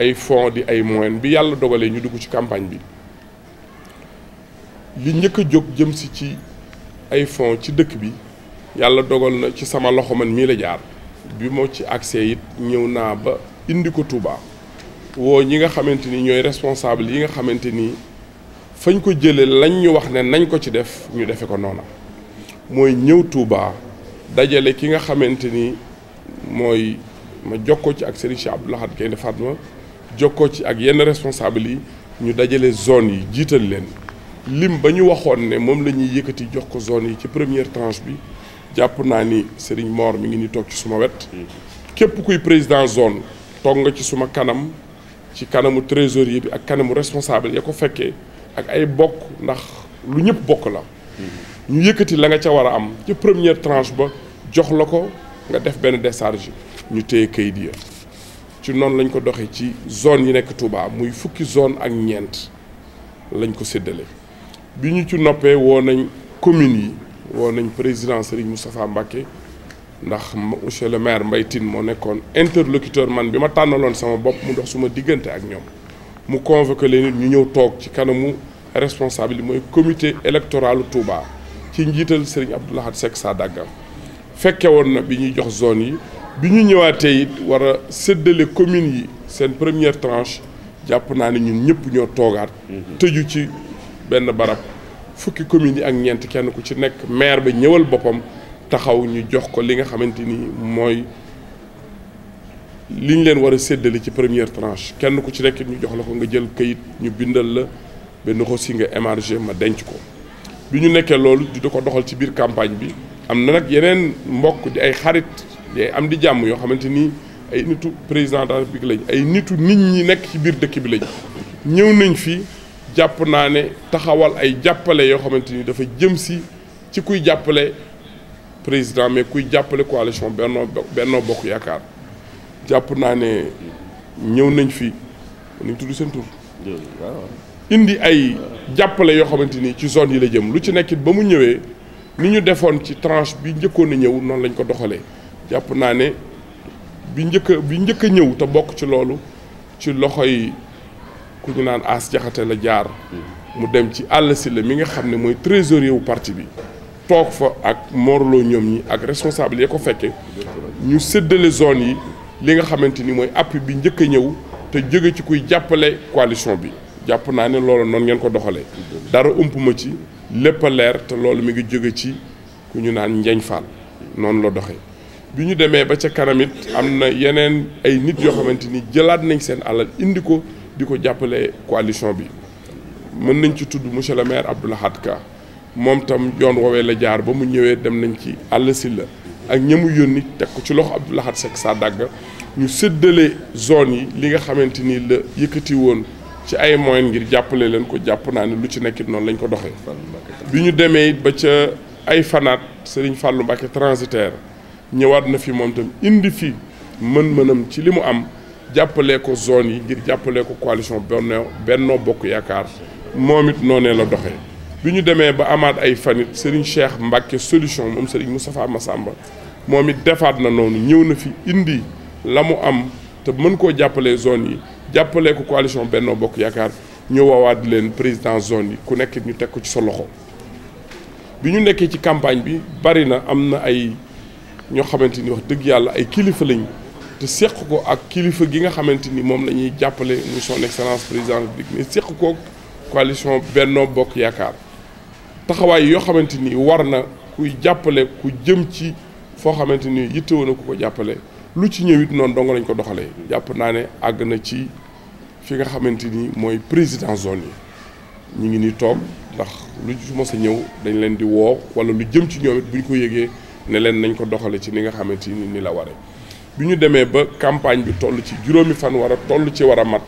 ay fonds di ay moyens bi yàlla dogalee ñu dugg ci campagne bi li njëkk a jóg jëm si ci ay fonds ci dëkk bi yàlla dogal na ci sama loxo man mii la jaar bi moo ci accès it ñëw naa ba indi ko Touba woo ñi nga xamante ni ñooy responsable yi nga xamante ni fañ ko jëlee lañ ñu wax ne nañ ko ci def ñu defe ko noona mooy ñëw Touba dajale ki nga xamante ni mooy ma ko ci ak Serigne Cheikh Abdou Lahad Gaïndé Fatma jox ko ci ak yenn responsable yi ñu dajale zone yi jiital leen lim ba ñu waxoon ne moom la ñuy yëkkati jox ko zone yi ci première tranche bi jàpp naa ni Serigne Mor mi ngi ni toog ci suma wet képp kuy président zone toog nga ci suma kanam ci kanamu yi bi ak kanamu responsable ya ko fekkee ak ay bokk ndax lu ñëpp bokk la ñu yëkkati la nga ca war a am ci première tranche ba jox la ko nga def benn décharge ñu téye kayit ya ci noonu lañ ko doxee ci zone yi nekk Touba muy fukki zone ak ñeent lañ ko séddale bi ñu ci noppee woo nañ communes yi woo nañ président Serigne Moustapha Mbacké ndax monsieur le maire Mbaye moo nekkoon interlocuteur man bi ma tànnaloon sama bopp mu dox suma diggante ak ñoom mu convoqué leen nit ñu ñëw toog ci kanamu responsable yi mooy comité électoral Touba ci njiital Serigne Abdoulahad Seck Sadaga fekke woon na bi ñuy jox zone yi bi ñu ñëwaatee it war a séddale communes yi seen première tranche jàpp naa ne ñun ñëpp ñoo toogaat. Mhm. tëju ci benn barab fukki commune yi ak ñeent kenn ku ci nekk maire ba ñëwal boppam taxaw ñu jox ko li nga xamante ni mooy li ñu leen war a séddale ci première tranche kenn ku ci nekk ñu jox la ko nga jël kayit ñu bindal la benn xos yi nga émargé ma denc ko. bi ñu nekkee loolu di ko doxal ci biir campagne bi am na nag yeneen mbokk di ay xarit. day am di jàmm yoo xamante ni ay nitu président de la république lañ ay nitu nit ñi nekk ci biir dëkk bi lañ ñëw nañ fi jàpp naa ne taxawal ay jàppale yoo xamante ni dafa jëm si ci kuy jàppale président mais kuy jàppale coalition Benno Benno Bokk Yaakaar jàpp naa ne ñëw nañ fii nañ tudd seen indi ay jàppale yoo xamante ni ci zone yi la jëm lu ci nekkit ba mu ñëwee ni ñu defoon ci tranche bi njëkkoon a ñëw noonu lañ ko doxalee jàpp naa ne bi njëkk bi njëkk a ñëw te bokk ci loolu ci loxo yi ku ñu naan As Jaxate la jaar mu dem ci Alla Sylla mi nga xam ne mooy trésorier wu parti bi toog fa ak morloo ñoom ñi ak responsable ya ko fekke ñu séddale zone yi li nga xamante ni mooy appui bi njëkk a ñëw te jóge ci kuy jàppale coalition bi jàpp naa ne loolu noonu ngeen ko doxalee dara ump ci lépp a leer te loolu mi ngi jóge ci ku ñu naan Njañ Fall noonu la doxee bi ñu demee ba ca kanam am na yeneen ay nit yoo xamante ni jëlaat nañ seen alal indi ko di ko jàppale coalition bi mën nañ ci tudd monsieur le maire Abdou Lahad Ka moom tam yoon woowee la jaar ba mu ñëwee dem nañ ci àll si la ak ñamu yónni teg ko ci loxo Abdou Lahad Seck sa dàgg ñu séddale zone yi li nga xamante ni la yëkkati woon ci ay moyen ngir jàppale leen ko jàpp naa ne lu ci nekkit noonu lañ ko doxee bi ñu demee ba ca ay fanaat Serigne fàllu Mbacké transitaire ñëwaat na fi moom tam indi fi mën-mënam ci li mu am jàppale ko zone yi ngir jàppalee ko coalition Benno Benno Bokk Yaakaar moom it noonee la doxee bi ñu demee ba amaat ay fanit Serigne Cheikh Mbacke solution moom Serigne Moustapha Massamba moom it defaat na noonu ñëw na fi indi la mu am te mën koo jàppale zone yi jàppalee ko coalition bennoo Bokk Yaakaar ñu woowaat leen président zone yi ku nekk ñu teg ko ci sa loxo bi ñu nekkee ci campagne bi bari na am na ay ñoo xamante ni wax dëgg yàlla ay kilifa lañ te seq ko ak kilifa gi nga xamante ni moom la ñuy jàppale muy son excellence président république mais ko coalition Benno Bokk Yaakaar taxawaay yoo xamante ni war na kuy jàppale ku jëm ci foo xamante ni yittewoo na ku ko jàppale lu ci ñëw it noonu dong lañ ko doxalee jàpp naa ne àgg na ci fi nga xamante ni mooy président zone yi ñu ngi ni toog ndax lu ci mos a ñëw dañ leen di woo wala lu jëm ci ñoom it bu ñu ko yëgee ne leen nañ ko doxale ci ni nga xamante ni ni la waree bi ñu demee ba campagne bi toll ci juróomi fan war a toll ci war a mat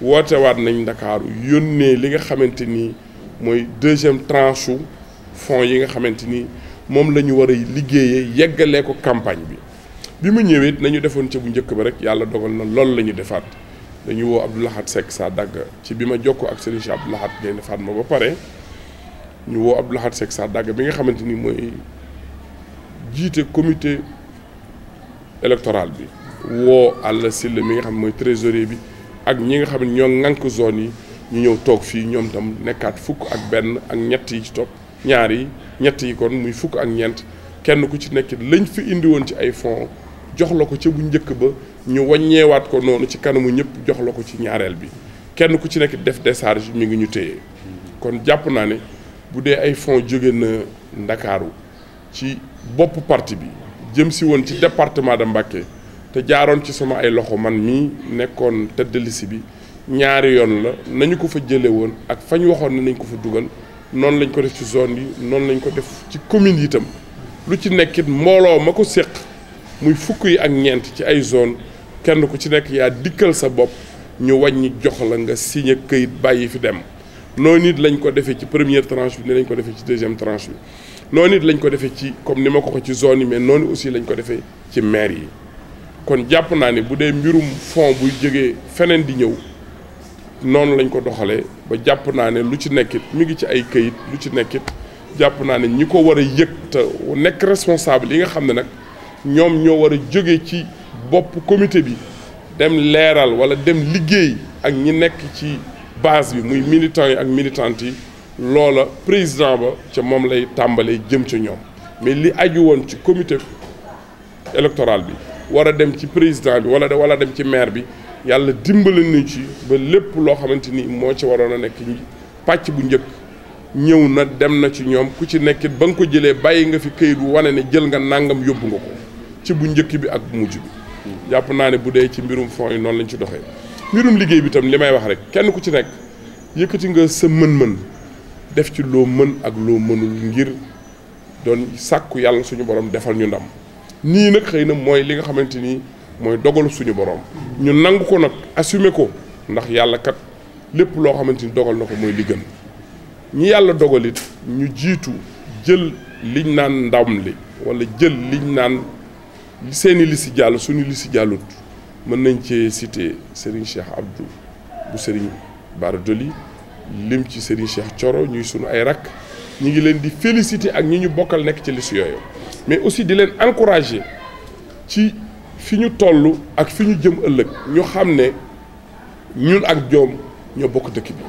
wootewaat nañ ndakaaru yónnee li nga xamante ni mooy deuxième tranche u fonds yi nga xamante ni moom la ñu war a liggéeyee yeggalee ko campagne bi bi mu ñëwee nañu defoon ca bu njëkk bi rek yàlla dogal na loolu la ñu defaat dañu woo Abdoulahat Seck saa dagg ci bi ma jokk ak Serigne Cheikh Abdoulahat Gaynde Fatma ba pare ñu woo Abdoulahat Seck sa dagg bi nga xamante ni mooy jiite comité électoral bi woo Alla Sylla mi nga xam mooy trésorier bi ak ñi nga xam ne ñoo ŋànk zone yi ñu ñëw toog fii ñoom tam nekkaat fukk ak benn ak ñett yi ci topp ñaar yi ñett yi kon muy fukk ak ñeent kenn ku ci nekk lañ fi indiwoon ci ay fonds jox la ko ci bu njëkk ba ñu waññeewaat ko noonu ci kanamu ñëpp jox la ko ci ñaareel bi kenn ku ci nekk def décharge mi ngi ñu téye kon jàpp naa ne bu dee ay fonds jóge na Ndakaaru ci bopp partie bi jëm si woon ci département de Mbacké te jaaroon ci sama ay loxo man mii nekkoon tête de bi ñaari yoon la nañu ko fa jëlee woon ak fañ waxoon ne nañ ko fa dugal noonu lañ ko def ci zone yi noonu lañ ko def ci commune yi itam lu ci nekkit mbooloo ma ko séq muy fukk yi ak ñeent ci ay zone kenn ku ci nekk yaa dikkal sa bopp ñu wañ wàññi jox la nga signé kayit bàyyi fi dem noon it lañ ko defee ci première tranche bi ni lañ ko defee ci deuxième tranche bi noonu it lañ ko defee ci comme ni ma ko ko ci zone yi mais noonu aussi lañ ko defee ci maire yi kon jàpp naa ne bu dee mbirum fond buy jógee feneen di ñëw noonu lañ ko doxalee ba jàpp naa ne lu ci nekkit mu ngi ci ay këyit lu ci nekkit jàpp naa ne ñi ko war a yëg te nekk responsable yi nga xam ne nag ñoom ñoo war a jóge ci bopp comité bi dem leeral wala dem liggéey ak ñi nekk ci base bi muy militants yi ak militantes yi loola président ba ca moom lay tàmbalee jëm ci ñoom mais li aju woon ci comité électoral bi war a dem ci président bi wala wala dem ci maire bi yàlla dimbale nañu ci ba lépp loo xamante ni moo ci waroon a nekk pàcc bu njëkk ñëw na dem na ci ñoom ku ci nekkit ba nga ko jëlee bàyyi nga fi këyit wane ne jël nga nàngam yóbbu nga ko ci bu njëkk bi ak bu mujj bi. jàpp naa ne bu dee ci mbirum fonds yi noonu lañ ci doxee. mbirum liggéey bi tam li may wax rek kenn ku ci nekk yëkkati nga sa mën-mën. def ci loo mën ak loo mënul ngir doon sàkku yàlla suñu borom defal ñu ndam nii nag xëy na mooy li nga xamante ni mooy dogalu suñu borom ñu nangu ko nag assumer ko ndax yàlla kat lépp loo xamante ni dogal na ko mooy li gën ñi yàlla dogal it ñu jiitu jël liñ naan ndam li wala jël liñ naan seeni li si jàll suñu li si jàllut mën nañ cee citer Serigne Cheikh Abdou bu Serigne Bara lim ci Serigne Cheikh Thioro ñuy sunu ay rakk ñu ngi leen di féliciter ak ñi ñu bokkal nekk ci liste yooyu mais aussi di leen encourager ci fi ñu toll ak fi ñu jëm ëllëg ñu xam ne ñun ak joom ñoo bokk dëkk bi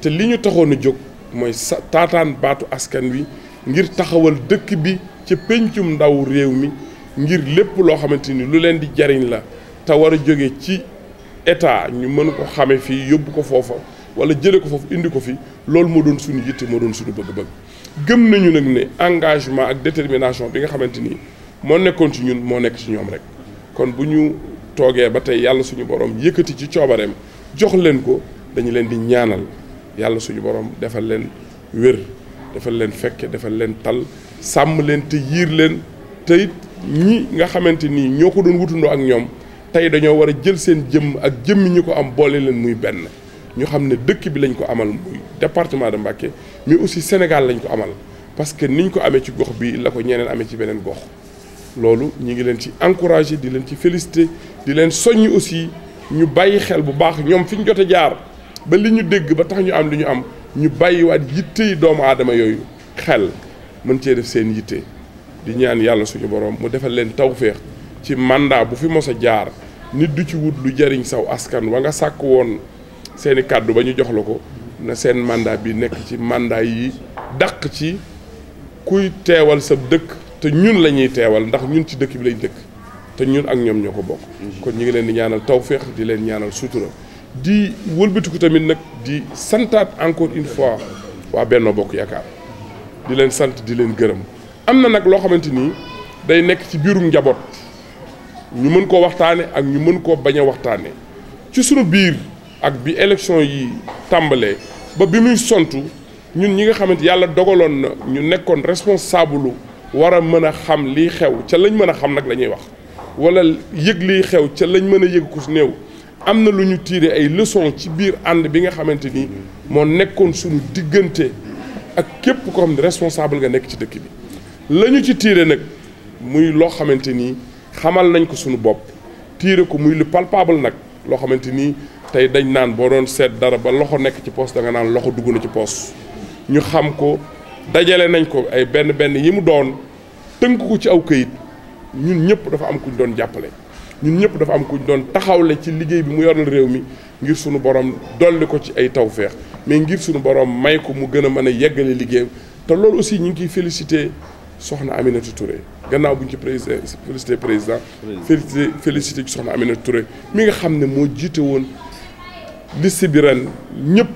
te li ñu taxoon a jóg mooy sa taataan baatu askan wi ngir taxawal dëkk bi ci pencum ndaw réew mi ngir lépp loo xamante ni lu leen di jariñ la te war a jóge ci état ñu mën ko xame fii yóbbu ko foofa wala jëlee ko foofu indi ko fi loolu moo doon suñu yitte moo doon suñu bëgg-bëgg gëm nañu nag ni engagement ak détermination bi nga xamante ni moo nekkoon ci ñun moo nekk ci ñoom rek kon bu ñu toogee ba tey yàlla suñu borom yëkkati ci coobareem jox leen ko dañu leen di ñaanal yàlla suñu borom defal leen wér defal leen fekke defal leen tal sàmm leen te yiir leen te it ñi nga xamante ni ñoo ko doon wutundoo ak ñoom tey dañoo war a jël seen jëmm ak jëmmi ko am boole leen muy benn. ñu xam ne dëkk bi lañ ko amal muy département de Mbacké mais aussi Sénégal lañ ko amal parce que niñ ko amee ci gox bi la ko ñeneen amee ci beneen gox loolu ñu ngi leen ci encouragé di leen ci félicité di leen soññ aussi ñu bàyyi xel bu baax ñoom fi ñu jot jaar ba li ñu dégg ba tax ñu am li ñu am ñu bàyyiwaat yitte yi doomu aadama yooyu xel mën cee def seen yitte di ñaan yàlla suñu borom mu defal leen tawféex ci mandat bu fi mos a jaar nit du ci wut lu jariñ saw askan wa nga sàkk woon. seen i kàddu ba ñu jox la ko na seen màndaa bi nekk ci màndaa yi dàq ci kuy teewal sa dëkk te ñun la ñuy teewal ndax ñun ci dëkk bi lañ dëkk te ñun ak ñoom ñoo ko bokk. kon ñu ngi leen di ñaanal tawféex di leen ñaanal sutura. di wëlbatiku tamit nag di santaat encore une fois waa Benno Bokk Yaakaar di leen sant di leen gërëm am na nag loo xamante ni day nekk ci biirum njaboot ñu mën koo waxtaane ak ñu mën koo bañ a waxtaane ci sunu biir. ak bi élection yi tàmbalee ba bi muy sontu ñun ñi nga xamante yàlla dogaloon na ñu nekkoon responsable war a mën a xam liy xew ca lañ mën a xam nag lañuy wax wala yëg liy xew ca lañ mën a yëg ku néew am na lu ñu tiire ay leçon ci biir ànd bi nga xamante ni moo nekkoon suñu diggante ak képp ko xam ne responsable nga nekk ci dëkk bi la ñu ci tiire nag muy loo xamante ni xamal nañ ko suñu bopp tiire ko muy lu palpable nag loo xamante nii tey dañ naan boo doon seet dara ba loxo nekk ci poos da nga naan loxo dugg na ci poos ñu xam ko dajale nañ ko ay benn benn yi mu doon tënk ko ci aw kayit ñun ñëpp dafa am kuñ doon jàppale ñun ñëpp dafa am kuñ doon taxawle ci liggéey bi mu yoral réew mi ngir sunu borom dolli ko ci ay tawféex mais ngir sunu borom may ko mu gën a mën a yeggale liggéeyam te loolu aussi ñu ngi kiy félicité soxna Aminata Touré gannaaw bu ñu ci président félicité président. félicité félicité soxna Aminata Touré mi nga xam ne moo jiite woon liste bi ren ñëpp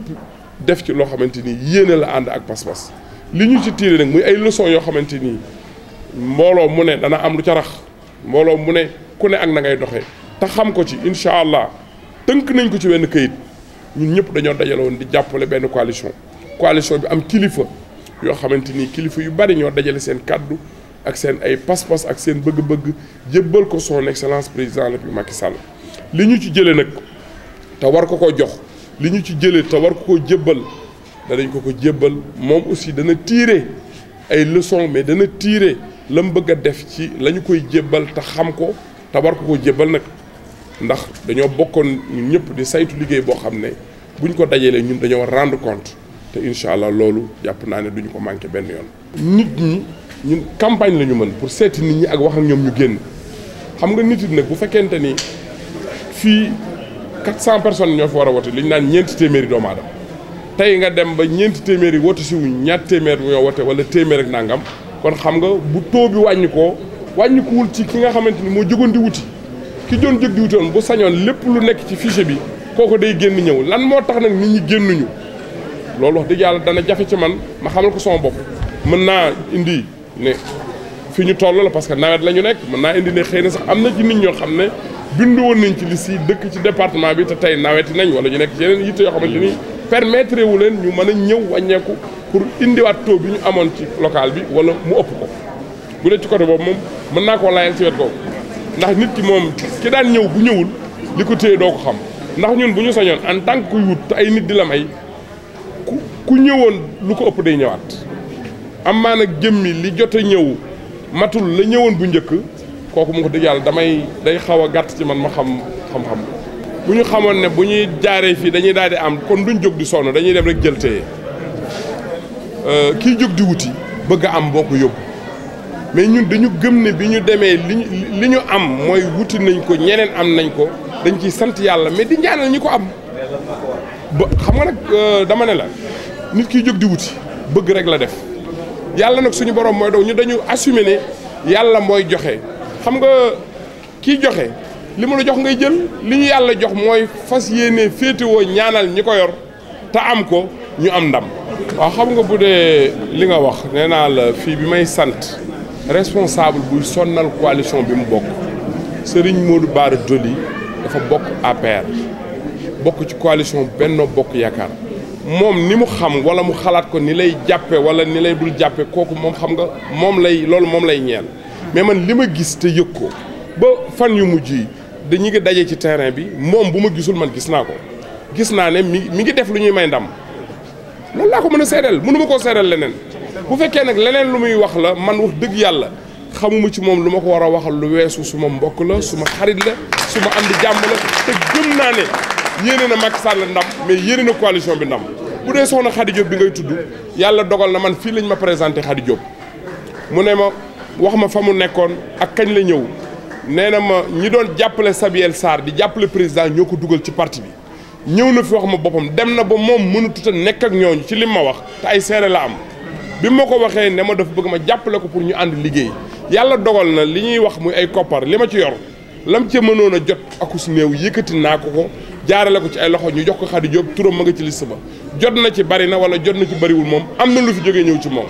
def ci loo xamante ni yéene la ànd ak pas-pas li ñu ci tiire nag muy ay leçon yoo xamante ni mbooloo mu ne dana am lu ca mbooloo mu ne ku ne ak na ngay doxee te xam ko ci incha allah tënk nañ ko ci wenn kayit ñun ñëpp dañoo dajale woon di jàppale benn coalition coalition bi am kilifa. yoo xamante ni kilifa yu bari ñoo dajale seen kàddu ak seen ay pas-pas ak seen bëgg-bëgg jébbal ko son excellence président de la République Macky Sall li ñu ci jëlee nag te war ko ko jox li ñu ci jëlee te war ko ko jébbal danañ ko ko jébbal moom aussi dana tiire ay leçons mais dana tiire la mu bëgg a def ci lañu koy jébbal te xam ko te war ko ko jébbal nag ndax dañoo bokkoon ñun ñëpp di saytu liggéey boo xam ne buñ ko dajalee ñun dañoo rendre compte. te incha allah loolu jàpp naa ne duñu ko manqué benn yoon. nit ñi ñun campagne la ñu mën pour seeti nit ñi ak wax ak ñu génn xam nga nit nag bu fekkente ni fii 400 personnes ñoo fi war a wote li ñu naan ñeenti téeméeri doomu tey nga dem ba ñeenti téeméeri wote si wuñ ñaar téeméer ñoo wote wala téeméer ak nangam kon xam nga bu taux bi wàññi koo wàññikuwul ci ki nga xamante ni moo jógoon di wuti ki doon jóg di wuti woon bu sañoon lépp lu nekk ci fichier bi kooku day génn ñëw lan moo tax nag nit ñi génnuñu. loolu di dëgg dana jafe ci man ma xamal ko sama bopp mën naa indi ne fi ñu toll la parce que nawet la ñu nekk mën naa indi ne xëy na sax am na ci nit ñoo xam ne bindu woon nañ ci li si dëkk ci département bi te tey naweti nañ wala ñu nekk ci yeneen yitte yoo xamante ni permettre wu leen ñu mën a ñëw wàññeeku pour indiwaat taux bi ñu amoon ci local bi wala mu ëpp ko bu dee ci côté boobu moom mën naa koo layal ci wet googu ndax nit ki moom ki daan ñëw bu ñëwul li ko téye doo ko xam ndax ñun bu ñu sañoon en tant que kuy ay nit di la may ku ñëwoon lu ko ëpp day ñëwaat am maa nag jëmmi li jot a ñëw matul la ñëwoon bu njëkk kooku mu ko dëgg damay day xaw a gàtt ci man ma xam xam-xam bu ñu xamoon ne bu ñuy jaaree fii dañuy daal di am kon duñ jóg di sonn dañuy dem rek jël téye euh, kii jóg di wuti bëgg a am boo ko yóbbu mais ñun dañu gëm ne bi ñu demee li ñu li ñu am mooy wuti nañ ko ñeneen am nañ ko dañ ciy sant yàlla mais di ñaanal ñi ko am ba xam nga nag euh, dama ne la nit kii jóg di wuti bëgg rek la def yàlla nag suñu borom mooy doon ñu dañu assumer ne yàlla mooy joxe xam nga kiy joxe li mu la jox ngay jël li ñu yàlla jox mooy fas yéene féetewoo ñaanal ñi ko yor te am ko ñu am ndam. waaw xam nga bu dee li nga wax nee naa la fii bi may sant responsable buy sonnal coalition bi mu bokk sëriñ Serigne Modou baar Doli dafa bokk APR bokk ci benn Benno Bokk Yaakaar. moom ni mu xam wala mu xalaat ko ni lay jàppe wala ni lay dul jàppe kooku moom xam nga moom lay loolu moom lay ñeel mais man li ma gis te yëg ko ba fan yu mujj yi dañu ngi daje ci terrain bi moom bu ma gisul man gis naa ko gis naa ne mi mi ngi def lu ñuy may ndam loolu laa ko mën a seedal mënu ma koo seedal leneen bu fekkee nag leneen lu muy wax la man wax dëgg yàlla xamuma ci moom lu ma ko war a waxal lu weesu suma mbokk la suma xarit la suma ànd jàmm naa ne yéene na Macky Sall ndam mais yéene na coalition bi ndam bu dee soxna Khady Diop bi ngay tudd yàlla dogal na man fii lañ ma présenté Khady Diop mu ne ma wax ma fa mu nekkoon ak kañ la ñëw nee na ma ñi doon jàppale Sabiel Sarr di jàppale président ñoo ko dugal ci parti bi ñëw na fi wax ma boppam dem na ba moom mënatut a nekk ak ñooñu ci lim ma wax te ay seere la am bi ma ko waxee ne ma dafa bëgg ma jàppale ko pour ñu ànd liggéey yàlla dogal na li ñuy wax muy ay koppar li ma ci yor lam ca mënoon a jot akus néew yëkkati naa ko ko jaarale ko ci ay loxo ñu jox ko Khady Diop turam ma nga ci liste ba jot na ci bari na wala jot na ci bariwul moom am na lu fi jógee ñëw ci moom